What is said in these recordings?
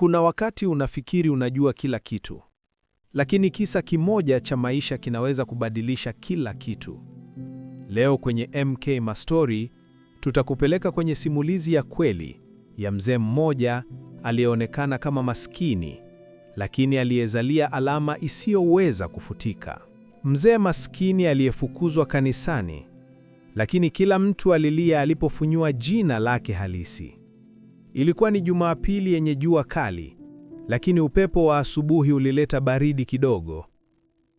Kuna wakati unafikiri unajua kila kitu, lakini kisa kimoja cha maisha kinaweza kubadilisha kila kitu. Leo kwenye MK Mastori tutakupeleka kwenye simulizi ya kweli ya mzee mmoja aliyeonekana kama maskini, lakini aliyezalia alama isiyoweza kufutika. Mzee maskini aliyefukuzwa kanisani, lakini kila mtu alilia alipofunyua jina lake halisi. Ilikuwa ni Jumapili yenye jua kali, lakini upepo wa asubuhi ulileta baridi kidogo.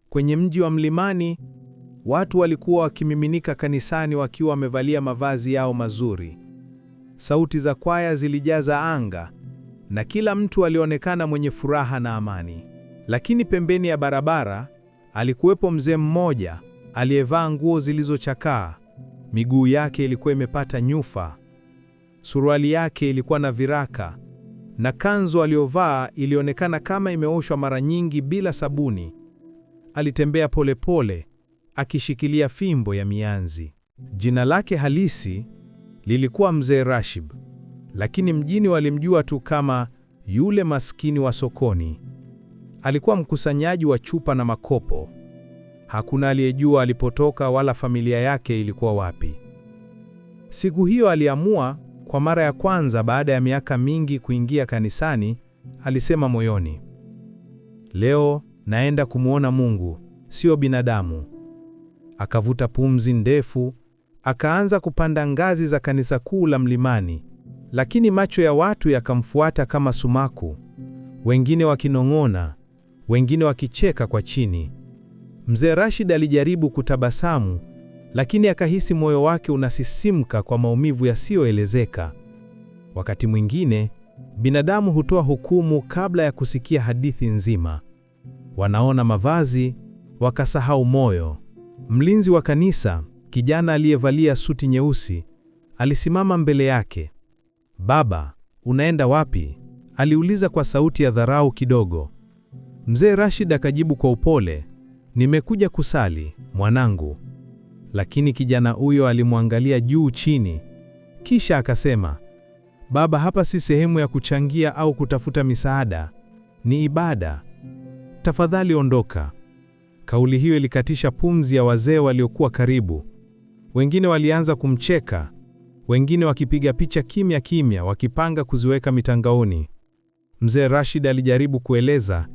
Kwenye mji wa mlimani, watu walikuwa wakimiminika kanisani wakiwa wamevalia mavazi yao mazuri. Sauti za kwaya zilijaza anga na kila mtu alionekana mwenye furaha na amani. Lakini pembeni ya barabara alikuwepo mzee mmoja aliyevaa nguo zilizochakaa. Miguu yake ilikuwa imepata nyufa Suruali yake ilikuwa na viraka na kanzu aliyovaa ilionekana kama imeoshwa mara nyingi bila sabuni. Alitembea polepole pole, akishikilia fimbo ya mianzi. Jina lake halisi lilikuwa Mzee Rashib, lakini mjini walimjua tu kama yule maskini wa sokoni. Alikuwa mkusanyaji wa chupa na makopo. Hakuna aliyejua alipotoka wala familia yake ilikuwa wapi. Siku hiyo aliamua kwa mara ya kwanza baada ya miaka mingi kuingia kanisani, alisema moyoni, leo naenda kumwona Mungu, sio binadamu. Akavuta pumzi ndefu, akaanza kupanda ngazi za kanisa kuu la Mlimani, lakini macho ya watu yakamfuata kama sumaku, wengine wakinong'ona, wengine wakicheka kwa chini. Mzee Rashid alijaribu kutabasamu lakini akahisi moyo wake unasisimka kwa maumivu yasiyoelezeka. Wakati mwingine binadamu hutoa hukumu kabla ya kusikia hadithi nzima. Wanaona mavazi wakasahau moyo. Mlinzi wa kanisa, kijana aliyevalia suti nyeusi, alisimama mbele yake. Baba, unaenda wapi? aliuliza kwa sauti ya dharau kidogo. Mzee Rashid akajibu kwa upole, nimekuja kusali mwanangu lakini kijana huyo alimwangalia juu chini, kisha akasema, Baba, hapa si sehemu ya kuchangia au kutafuta misaada, ni ibada. Tafadhali ondoka. Kauli hiyo ilikatisha pumzi ya wazee waliokuwa karibu. Wengine walianza kumcheka, wengine wakipiga picha kimya kimya, wakipanga kuziweka mitangaoni. Mzee Rashid alijaribu kueleza,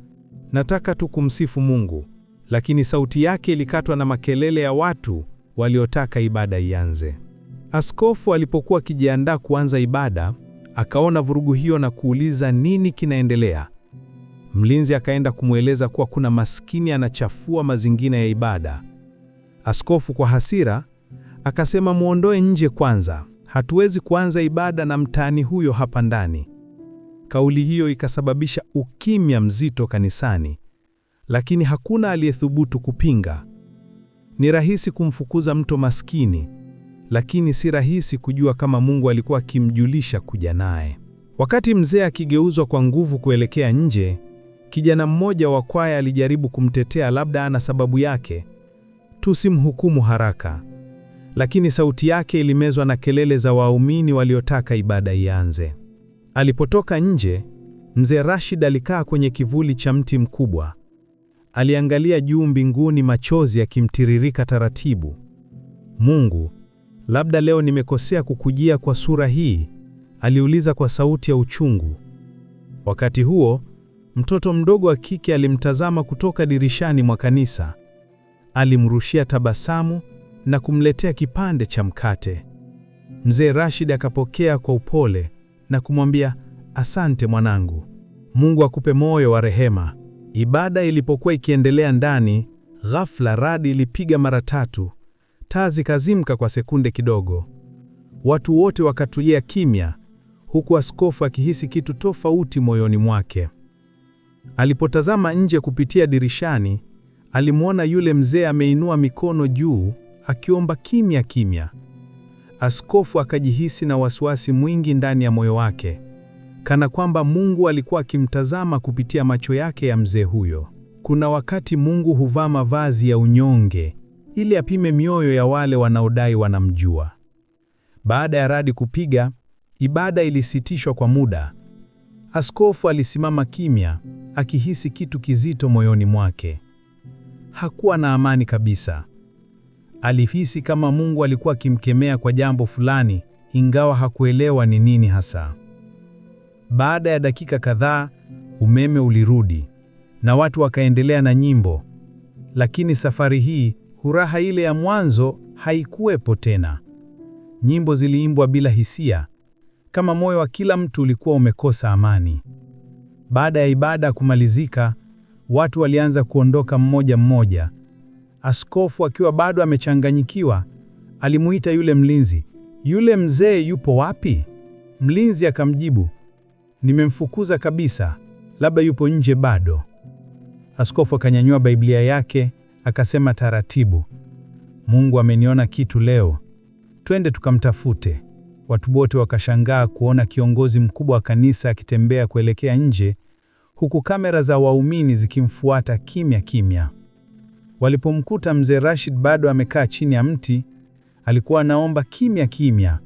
nataka tu kumsifu Mungu, lakini sauti yake ilikatwa na makelele ya watu waliotaka ibada ianze. Askofu alipokuwa akijiandaa kuanza ibada, akaona vurugu hiyo na kuuliza nini kinaendelea. Mlinzi akaenda kumweleza kuwa kuna maskini anachafua mazingira ya ibada. Askofu kwa hasira akasema, muondoe nje kwanza, hatuwezi kuanza ibada na mtaani huyo hapa ndani. Kauli hiyo ikasababisha ukimya mzito kanisani, lakini hakuna aliyethubutu kupinga. Ni rahisi kumfukuza mto maskini, lakini si rahisi kujua kama Mungu alikuwa akimjulisha kuja naye. Wakati mzee akigeuzwa kwa nguvu kuelekea nje, kijana mmoja wa kwaya alijaribu kumtetea, labda ana sababu yake. Tusimhukumu haraka. Lakini sauti yake ilimezwa na kelele za waumini waliotaka ibada ianze. Alipotoka nje, mzee Rashid alikaa kwenye kivuli cha mti mkubwa aliangalia juu mbinguni, machozi yakimtiririka taratibu. Mungu, labda leo nimekosea kukujia kwa sura hii, aliuliza kwa sauti ya uchungu. Wakati huo mtoto mdogo wa kike alimtazama kutoka dirishani mwa kanisa. Alimrushia tabasamu na kumletea kipande cha mkate. Mzee Rashid akapokea kwa upole na kumwambia, asante mwanangu, Mungu akupe moyo wa rehema. Ibada ilipokuwa ikiendelea ndani, ghafla radi ilipiga mara tatu. Taa zikazimka kwa sekunde kidogo. Watu wote wakatulia kimya, huku askofu akihisi kitu tofauti moyoni mwake. Alipotazama nje kupitia dirishani, alimwona yule mzee ameinua mikono juu akiomba kimya kimya. Askofu akajihisi na wasiwasi mwingi ndani ya moyo wake kana kwamba Mungu alikuwa akimtazama kupitia macho yake ya mzee huyo. Kuna wakati Mungu huvaa mavazi ya unyonge ili apime mioyo ya wale wanaodai wanamjua. Baada ya radi kupiga, ibada ilisitishwa kwa muda. Askofu alisimama kimya, akihisi kitu kizito moyoni mwake. Hakuwa na amani kabisa. Alihisi kama Mungu alikuwa akimkemea kwa jambo fulani, ingawa hakuelewa ni nini hasa. Baada ya dakika kadhaa, umeme ulirudi na watu wakaendelea na nyimbo, lakini safari hii furaha ile ya mwanzo haikuwepo tena. Nyimbo ziliimbwa bila hisia, kama moyo wa kila mtu ulikuwa umekosa amani. Baada ya ibada kumalizika, watu walianza kuondoka mmoja mmoja. Askofu akiwa bado amechanganyikiwa, alimuita yule mlinzi, yule mzee yupo wapi? Mlinzi akamjibu, Nimemfukuza kabisa, labda yupo nje bado. Askofu akanyanyua Biblia yake akasema taratibu, Mungu ameniona kitu leo, twende tukamtafute. Watu wote wakashangaa kuona kiongozi mkubwa wa kanisa akitembea kuelekea nje, huku kamera za waumini zikimfuata kimya kimya. Walipomkuta mzee Rashid bado amekaa chini ya mti, alikuwa anaomba kimya kimya.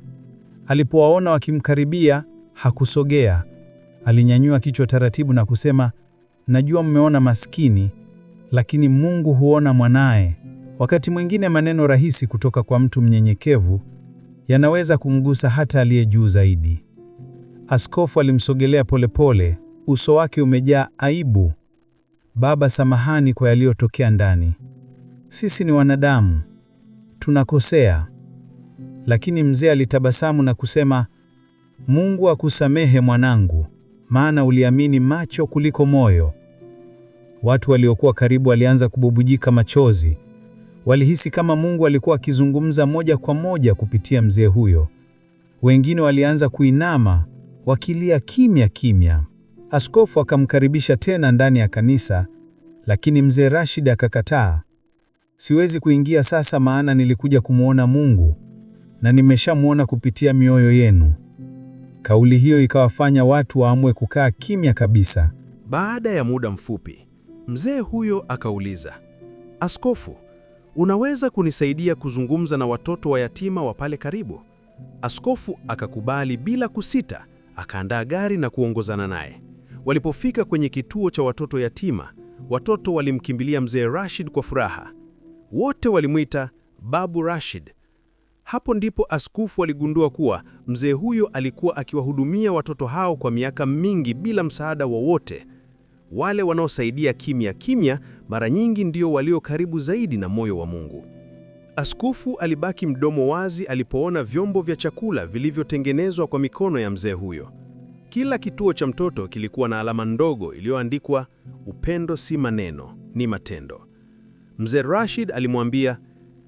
Alipowaona wakimkaribia, hakusogea, Alinyanyua kichwa taratibu na kusema, najua mmeona maskini, lakini Mungu huona mwanaye. Wakati mwingine maneno rahisi kutoka kwa mtu mnyenyekevu yanaweza kumgusa hata aliye juu zaidi. Askofu alimsogelea polepole, uso wake umejaa aibu. Baba, samahani kwa yaliyotokea ndani. Sisi ni wanadamu, tunakosea. Lakini mzee alitabasamu na kusema, Mungu akusamehe mwanangu maana uliamini macho kuliko moyo. Watu waliokuwa karibu walianza kububujika machozi. Walihisi kama Mungu alikuwa akizungumza moja kwa moja kupitia mzee huyo. Wengine walianza kuinama wakilia kimya kimya. Askofu akamkaribisha tena ndani ya kanisa, lakini mzee Rashid akakataa. Siwezi kuingia sasa, maana nilikuja kumwona Mungu na nimeshamwona kupitia mioyo yenu. Kauli hiyo ikawafanya watu waamue kukaa kimya kabisa. Baada ya muda mfupi, mzee huyo akauliza, Askofu, unaweza kunisaidia kuzungumza na watoto wa yatima wa pale karibu? Askofu akakubali bila kusita, akaandaa gari na kuongozana naye. Walipofika kwenye kituo cha watoto yatima, watoto walimkimbilia mzee Rashid kwa furaha. Wote walimwita Babu Rashid, hapo ndipo askofu aligundua kuwa mzee huyo alikuwa akiwahudumia watoto hao kwa miaka mingi bila msaada wowote. wa wale wanaosaidia kimya kimya mara nyingi ndio walio karibu zaidi na moyo wa Mungu. Askofu alibaki mdomo wazi alipoona vyombo vya chakula vilivyotengenezwa kwa mikono ya mzee huyo. Kila kituo cha mtoto kilikuwa na alama ndogo iliyoandikwa, upendo si maneno, ni matendo. Mzee Rashid alimwambia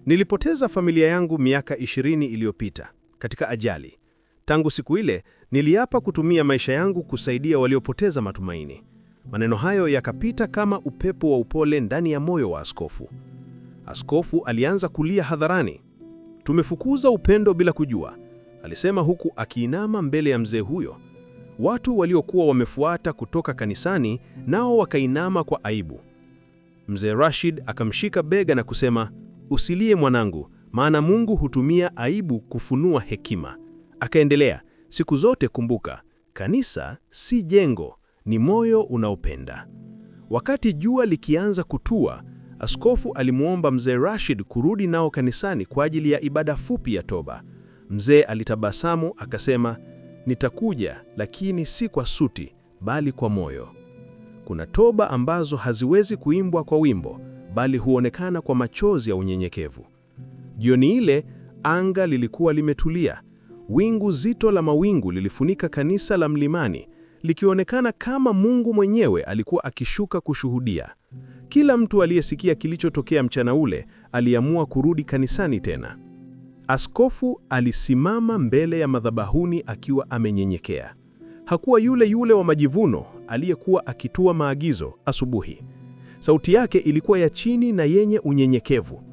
Nilipoteza familia yangu miaka 20 iliyopita katika ajali. Tangu siku ile niliapa kutumia maisha yangu kusaidia waliopoteza matumaini. Maneno hayo yakapita kama upepo wa upole ndani ya moyo wa askofu. Askofu alianza kulia hadharani. Tumefukuza upendo bila kujua, alisema huku akiinama mbele ya mzee huyo. Watu waliokuwa wamefuata kutoka kanisani nao wakainama kwa aibu. Mzee Rashid akamshika bega na kusema, Usilie mwanangu, maana Mungu hutumia aibu kufunua hekima. Akaendelea, siku zote kumbuka, kanisa si jengo, ni moyo unaopenda. Wakati jua likianza kutua, askofu alimwomba mzee Rashid kurudi nao kanisani kwa ajili ya ibada fupi ya toba. Mzee alitabasamu akasema, nitakuja lakini si kwa suti, bali kwa moyo. Kuna toba ambazo haziwezi kuimbwa kwa wimbo, bali huonekana kwa machozi ya unyenyekevu. Jioni ile anga lilikuwa limetulia. Wingu zito la mawingu lilifunika kanisa la mlimani, likionekana kama Mungu mwenyewe alikuwa akishuka kushuhudia. Kila mtu aliyesikia kilichotokea mchana ule aliamua kurudi kanisani tena. Askofu alisimama mbele ya madhabahuni akiwa amenyenyekea. Hakuwa yule yule wa majivuno aliyekuwa akitua maagizo asubuhi. Sauti yake ilikuwa ya chini na yenye unyenyekevu.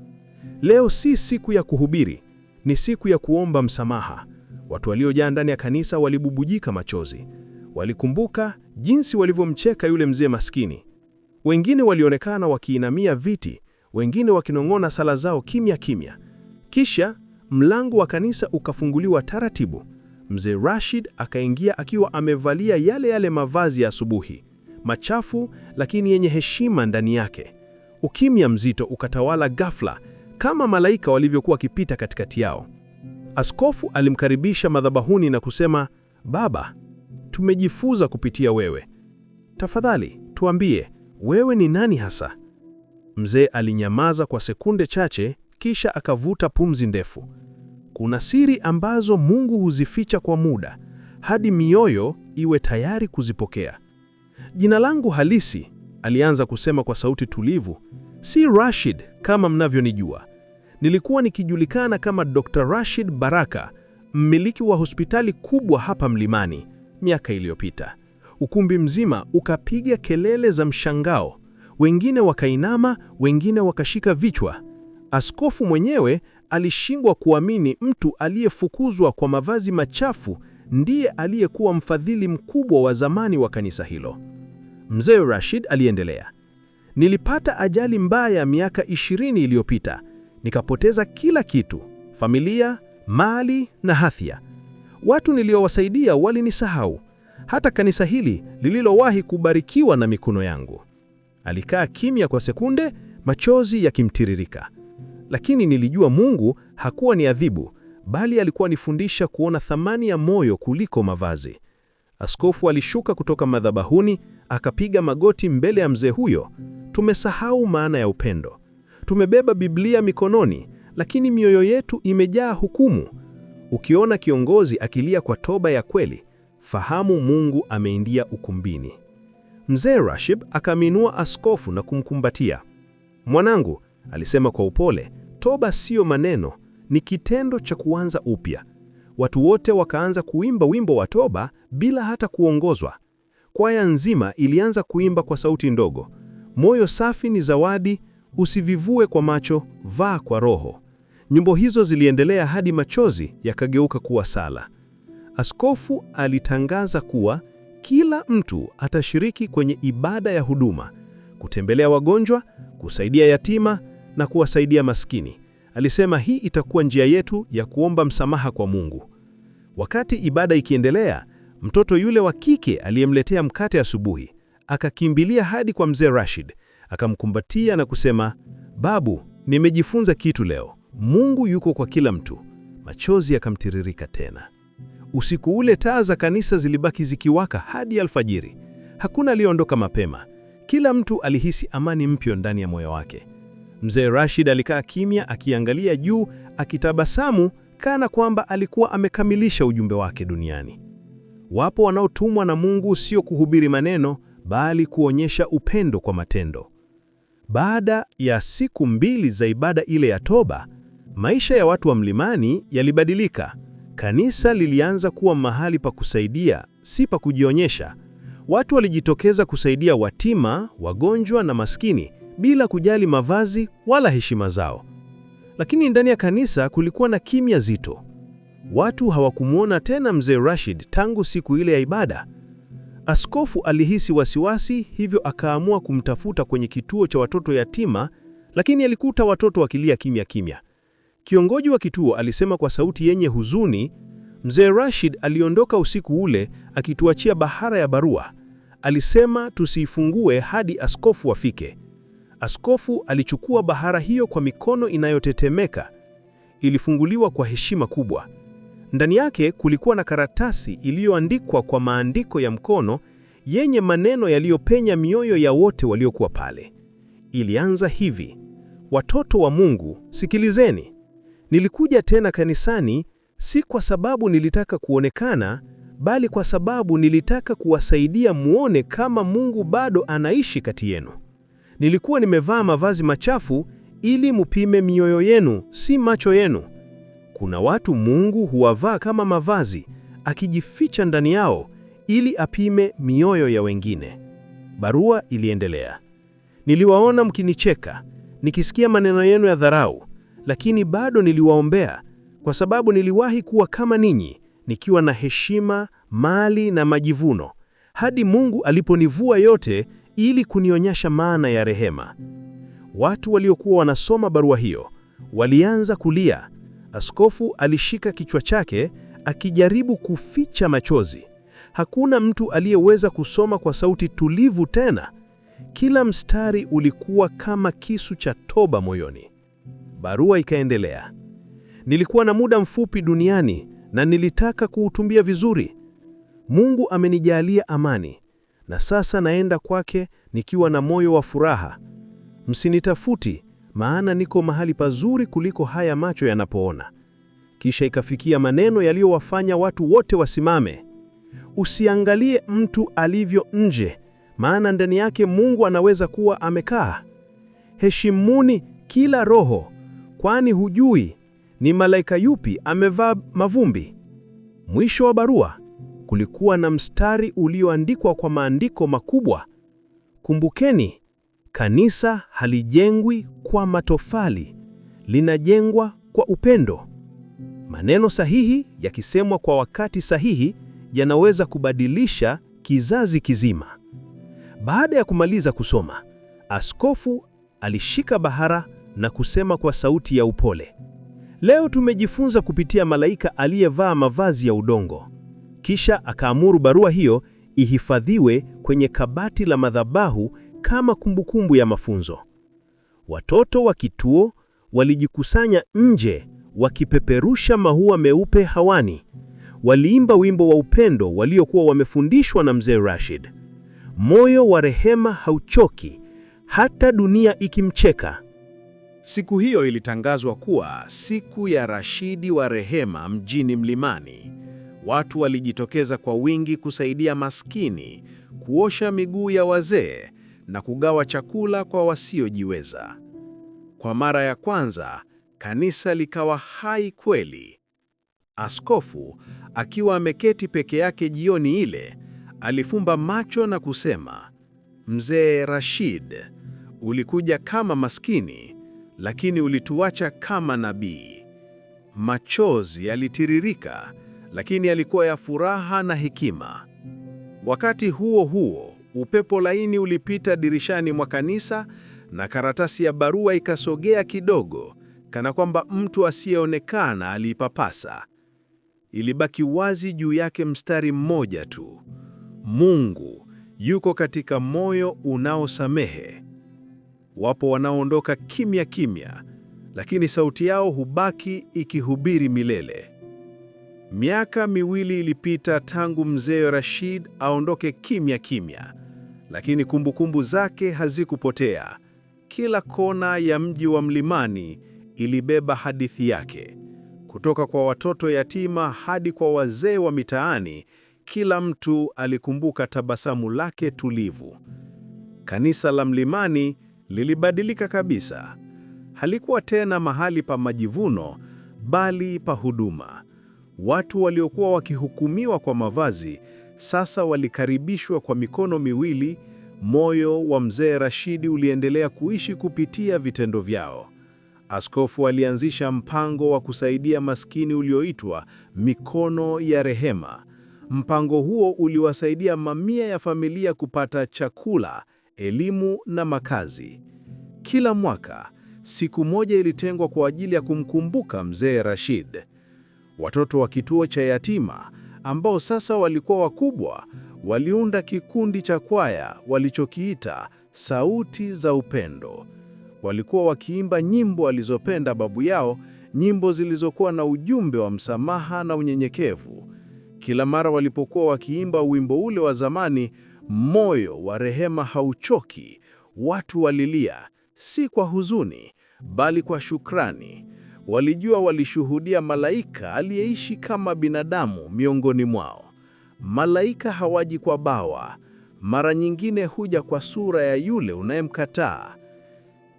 Leo si siku ya kuhubiri, ni siku ya kuomba msamaha. Watu waliojaa ndani ya kanisa walibubujika machozi. Walikumbuka jinsi walivyomcheka yule mzee maskini. Wengine walionekana wakiinamia viti, wengine wakinong'ona sala zao kimya kimya. Kisha mlango wa kanisa ukafunguliwa taratibu. Mzee Rashid akaingia akiwa amevalia yale yale mavazi ya asubuhi machafu lakini yenye heshima ndani yake. Ukimya mzito ukatawala ghafla, kama malaika walivyokuwa wakipita katikati yao. Askofu alimkaribisha madhabahuni na kusema, Baba, tumejifunza kupitia wewe, tafadhali tuambie, wewe ni nani hasa? Mzee alinyamaza kwa sekunde chache, kisha akavuta pumzi ndefu. Kuna siri ambazo Mungu huzificha kwa muda hadi mioyo iwe tayari kuzipokea. Jina langu halisi, alianza kusema kwa sauti tulivu, si Rashid kama mnavyonijua. Nilikuwa nikijulikana kama Dr. Rashid Baraka, mmiliki wa hospitali kubwa hapa Mlimani miaka iliyopita. Ukumbi mzima ukapiga kelele za mshangao, wengine wakainama, wengine wakashika vichwa. Askofu mwenyewe alishindwa kuamini mtu aliyefukuzwa kwa mavazi machafu ndiye aliyekuwa mfadhili mkubwa wa zamani wa kanisa hilo. Mzee Rashid aliendelea, nilipata ajali mbaya miaka ishirini iliyopita, nikapoteza kila kitu, familia, mali na hathia. Watu niliowasaidia walinisahau, hata kanisa hili lililowahi kubarikiwa na mikono yangu. Alikaa kimya kwa sekunde, machozi yakimtiririka. Lakini nilijua Mungu hakuwa ni adhibu, bali alikuwa nifundisha kuona thamani ya moyo kuliko mavazi. Askofu alishuka kutoka madhabahuni akapiga magoti mbele ya mzee huyo, tumesahau maana ya upendo. Tumebeba Biblia mikononi, lakini mioyo yetu imejaa hukumu. Ukiona kiongozi akilia kwa toba ya kweli, fahamu Mungu ameingia ukumbini. Mzee rashib akaminua askofu na kumkumbatia. Mwanangu, alisema kwa upole, toba siyo maneno, ni kitendo cha kuanza upya. Watu wote wakaanza kuimba wimbo wa toba bila hata kuongozwa kwaya nzima ilianza kuimba kwa sauti ndogo. Moyo safi ni zawadi, usivivue kwa macho, vaa kwa roho. Nyimbo hizo ziliendelea hadi machozi yakageuka kuwa sala. Askofu alitangaza kuwa kila mtu atashiriki kwenye ibada ya huduma, kutembelea wagonjwa, kusaidia yatima na kuwasaidia maskini. Alisema hii itakuwa njia yetu ya kuomba msamaha kwa Mungu. Wakati ibada ikiendelea, Mtoto yule wa kike aliyemletea mkate asubuhi akakimbilia hadi kwa mzee Rashid, akamkumbatia na kusema, babu, nimejifunza kitu leo. Mungu yuko kwa kila mtu. Machozi yakamtiririka tena. Usiku ule taa za kanisa zilibaki zikiwaka hadi alfajiri. Hakuna aliyeondoka mapema. Kila mtu alihisi amani mpyo ndani ya moyo wake. Mzee Rashid alikaa kimya akiangalia juu, akitabasamu kana kwamba alikuwa amekamilisha ujumbe wake duniani. Wapo wanaotumwa na Mungu sio kuhubiri maneno, bali kuonyesha upendo kwa matendo. Baada ya siku mbili za ibada ile ya toba, maisha ya watu wa mlimani yalibadilika. Kanisa lilianza kuwa mahali pa kusaidia, si pa kujionyesha. Watu walijitokeza kusaidia watima, wagonjwa na maskini bila kujali mavazi wala heshima zao. Lakini ndani ya kanisa kulikuwa na kimya zito. Watu hawakumwona tena mzee Rashid tangu siku ile ya ibada. Askofu alihisi wasiwasi, hivyo akaamua kumtafuta kwenye kituo cha watoto yatima, lakini alikuta watoto wakilia kimya kimya. Kiongozi wa kituo alisema kwa sauti yenye huzuni, mzee Rashid aliondoka usiku ule akituachia bahara ya barua. Alisema tusiifungue hadi askofu afike. Askofu alichukua bahara hiyo kwa mikono inayotetemeka. Ilifunguliwa kwa heshima kubwa. Ndani yake kulikuwa na karatasi iliyoandikwa kwa maandiko ya mkono yenye maneno yaliyopenya mioyo ya wote waliokuwa pale. Ilianza hivi: watoto wa Mungu, sikilizeni. Nilikuja tena kanisani si kwa sababu nilitaka kuonekana, bali kwa sababu nilitaka kuwasaidia muone kama Mungu bado anaishi kati yenu. Nilikuwa nimevaa mavazi machafu ili mupime mioyo yenu, si macho yenu. Kuna watu Mungu huwavaa kama mavazi, akijificha ndani yao ili apime mioyo ya wengine. Barua iliendelea. Niliwaona mkinicheka, nikisikia maneno yenu ya dharau, lakini bado niliwaombea kwa sababu niliwahi kuwa kama ninyi, nikiwa na heshima, mali na majivuno, hadi Mungu aliponivua yote ili kunionyesha maana ya rehema. Watu waliokuwa wanasoma barua hiyo walianza kulia Askofu alishika kichwa chake akijaribu kuficha machozi. Hakuna mtu aliyeweza kusoma kwa sauti tulivu tena. Kila mstari ulikuwa kama kisu cha toba moyoni. Barua ikaendelea. Nilikuwa na muda mfupi duniani na nilitaka kuutumia vizuri. Mungu amenijalia amani na sasa naenda kwake nikiwa na moyo wa furaha. Msinitafuti maana niko mahali pazuri kuliko haya macho yanapoona. Kisha ikafikia maneno yaliyowafanya watu wote wasimame. Usiangalie mtu alivyo nje, maana ndani yake Mungu anaweza kuwa amekaa. Heshimuni kila roho, kwani hujui ni malaika yupi amevaa mavumbi. Mwisho wa barua kulikuwa na mstari ulioandikwa kwa maandiko makubwa: Kumbukeni, Kanisa halijengwi kwa matofali, linajengwa kwa upendo. Maneno sahihi yakisemwa kwa wakati sahihi yanaweza kubadilisha kizazi kizima. Baada ya kumaliza kusoma, askofu alishika bahara na kusema kwa sauti ya upole, leo tumejifunza kupitia malaika aliyevaa mavazi ya udongo. Kisha akaamuru barua hiyo ihifadhiwe kwenye kabati la madhabahu kama kumbukumbu ya mafunzo. Watoto wa kituo walijikusanya nje wakipeperusha maua meupe hawani. Waliimba wimbo wa upendo waliokuwa wamefundishwa na Mzee Rashid. Moyo wa rehema hauchoki hata dunia ikimcheka. Siku hiyo ilitangazwa kuwa siku ya Rashidi wa rehema mjini Mlimani. Watu walijitokeza kwa wingi kusaidia maskini, kuosha miguu ya wazee na kugawa chakula kwa wasiojiweza. Kwa mara ya kwanza, kanisa likawa hai kweli. Askofu akiwa ameketi peke yake jioni ile, alifumba macho na kusema, Mzee Rashid, ulikuja kama maskini, lakini ulituacha kama nabii. Machozi yalitiririka, lakini yalikuwa ya furaha na hekima. Wakati huo huo, Upepo laini ulipita dirishani mwa kanisa na karatasi ya barua ikasogea kidogo, kana kwamba mtu asiyeonekana aliipapasa. Ilibaki wazi juu yake mstari mmoja tu: Mungu yuko katika moyo unaosamehe. Wapo wanaoondoka kimya kimya, lakini sauti yao hubaki ikihubiri milele. Miaka miwili ilipita tangu mzee Rashid aondoke kimya kimya, lakini kumbukumbu zake hazikupotea. Kila kona ya mji wa Mlimani ilibeba hadithi yake, kutoka kwa watoto yatima hadi kwa wazee wa mitaani. Kila mtu alikumbuka tabasamu lake tulivu. Kanisa la Mlimani lilibadilika kabisa. Halikuwa tena mahali pa majivuno, bali pa huduma. Watu waliokuwa wakihukumiwa kwa mavazi sasa walikaribishwa kwa mikono miwili. Moyo wa mzee Rashidi uliendelea kuishi kupitia vitendo vyao. Askofu alianzisha mpango wa kusaidia maskini ulioitwa Mikono ya Rehema. Mpango huo uliwasaidia mamia ya familia kupata chakula, elimu na makazi. Kila mwaka, siku moja ilitengwa kwa ajili ya kumkumbuka mzee Rashid. Watoto wa kituo cha yatima ambao sasa walikuwa wakubwa, waliunda kikundi cha kwaya walichokiita Sauti za Upendo. Walikuwa wakiimba nyimbo alizopenda babu yao, nyimbo zilizokuwa na ujumbe wa msamaha na unyenyekevu. Kila mara walipokuwa wakiimba wimbo ule wa zamani, moyo wa rehema hauchoki, watu walilia, si kwa huzuni, bali kwa shukrani. Walijua walishuhudia malaika aliyeishi kama binadamu miongoni mwao. Malaika hawaji kwa bawa, mara nyingine huja kwa sura ya yule unayemkataa.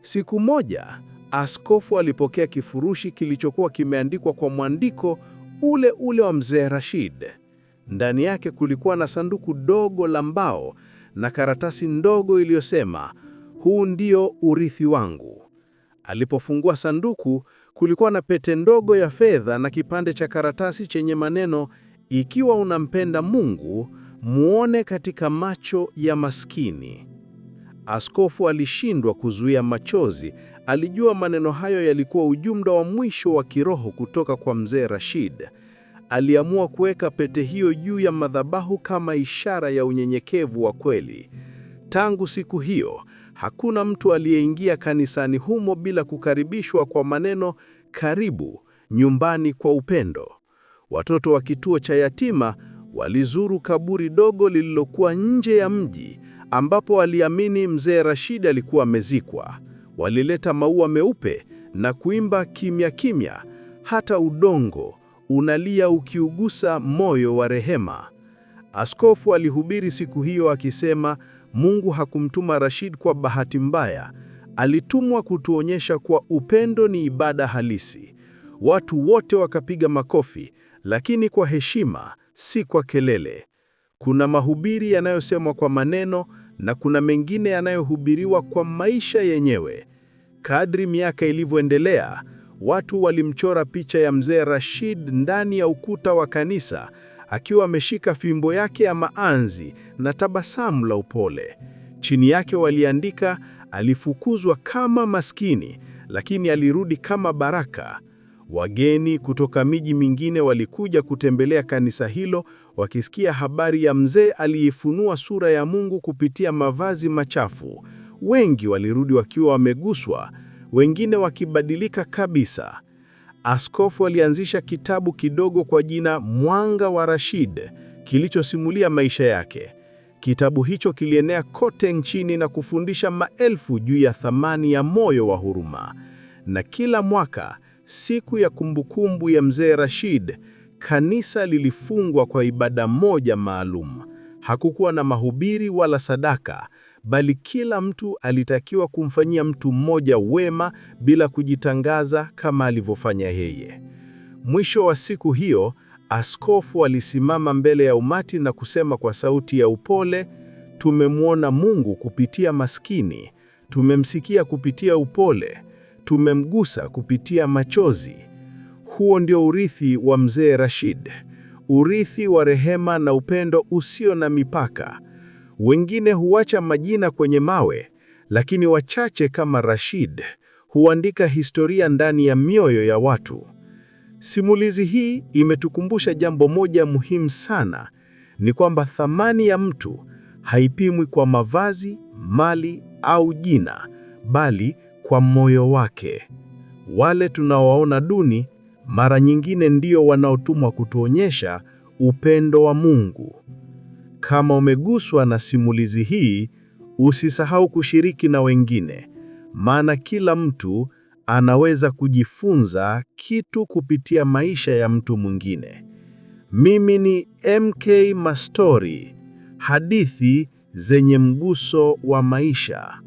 Siku moja askofu alipokea kifurushi kilichokuwa kimeandikwa kwa mwandiko ule ule wa mzee Rashid. Ndani yake kulikuwa na sanduku dogo la mbao na karatasi ndogo iliyosema, huu ndio urithi wangu. Alipofungua sanduku kulikuwa na pete ndogo ya fedha na kipande cha karatasi chenye maneno, ikiwa unampenda Mungu, muone katika macho ya maskini. Askofu alishindwa kuzuia machozi. Alijua maneno hayo yalikuwa ujumbe wa mwisho wa kiroho kutoka kwa mzee Rashid. Aliamua kuweka pete hiyo juu ya madhabahu kama ishara ya unyenyekevu wa kweli. Tangu siku hiyo Hakuna mtu aliyeingia kanisani humo bila kukaribishwa kwa maneno karibu nyumbani kwa upendo. Watoto wa kituo cha yatima walizuru kaburi dogo lililokuwa nje ya mji ambapo waliamini mzee Rashid alikuwa amezikwa. Walileta maua meupe na kuimba kimya kimya, hata udongo unalia ukiugusa moyo wa rehema. Askofu alihubiri siku hiyo akisema Mungu hakumtuma Rashid kwa bahati mbaya, alitumwa kutuonyesha kuwa upendo ni ibada halisi. Watu wote wakapiga makofi, lakini kwa heshima, si kwa kelele. Kuna mahubiri yanayosemwa kwa maneno na kuna mengine yanayohubiriwa kwa maisha yenyewe. Kadri miaka ilivyoendelea, watu walimchora picha ya mzee Rashid ndani ya ukuta wa kanisa akiwa ameshika fimbo yake ya maanzi na tabasamu la upole. Chini yake waliandika, alifukuzwa kama maskini, lakini alirudi kama baraka. Wageni kutoka miji mingine walikuja kutembelea kanisa hilo, wakisikia habari ya mzee aliyefunua sura ya Mungu kupitia mavazi machafu. Wengi walirudi wakiwa wameguswa, wengine wakibadilika kabisa askofu alianzisha kitabu kidogo kwa jina Mwanga wa Rashid kilichosimulia maisha yake. Kitabu hicho kilienea kote nchini na kufundisha maelfu juu ya thamani ya moyo wa huruma. Na kila mwaka, siku ya kumbukumbu ya mzee Rashid, kanisa lilifungwa kwa ibada moja maalum. Hakukuwa na mahubiri wala sadaka bali kila mtu alitakiwa kumfanyia mtu mmoja wema bila kujitangaza kama alivyofanya yeye. Mwisho wa siku hiyo, askofu alisimama mbele ya umati na kusema kwa sauti ya upole, tumemwona Mungu kupitia maskini, tumemsikia kupitia upole, tumemgusa kupitia machozi. Huo ndio urithi wa Mzee Rashid, urithi wa rehema na upendo usio na mipaka. Wengine huacha majina kwenye mawe, lakini wachache kama Rashid huandika historia ndani ya mioyo ya watu. Simulizi hii imetukumbusha jambo moja muhimu sana, ni kwamba thamani ya mtu haipimwi kwa mavazi, mali au jina, bali kwa moyo wake. Wale tunaowaona duni mara nyingine ndio wanaotumwa kutuonyesha upendo wa Mungu. Kama umeguswa na simulizi hii, usisahau kushiriki na wengine, maana kila mtu anaweza kujifunza kitu kupitia maisha ya mtu mwingine. Mimi ni MK Mastori, hadithi zenye mguso wa maisha.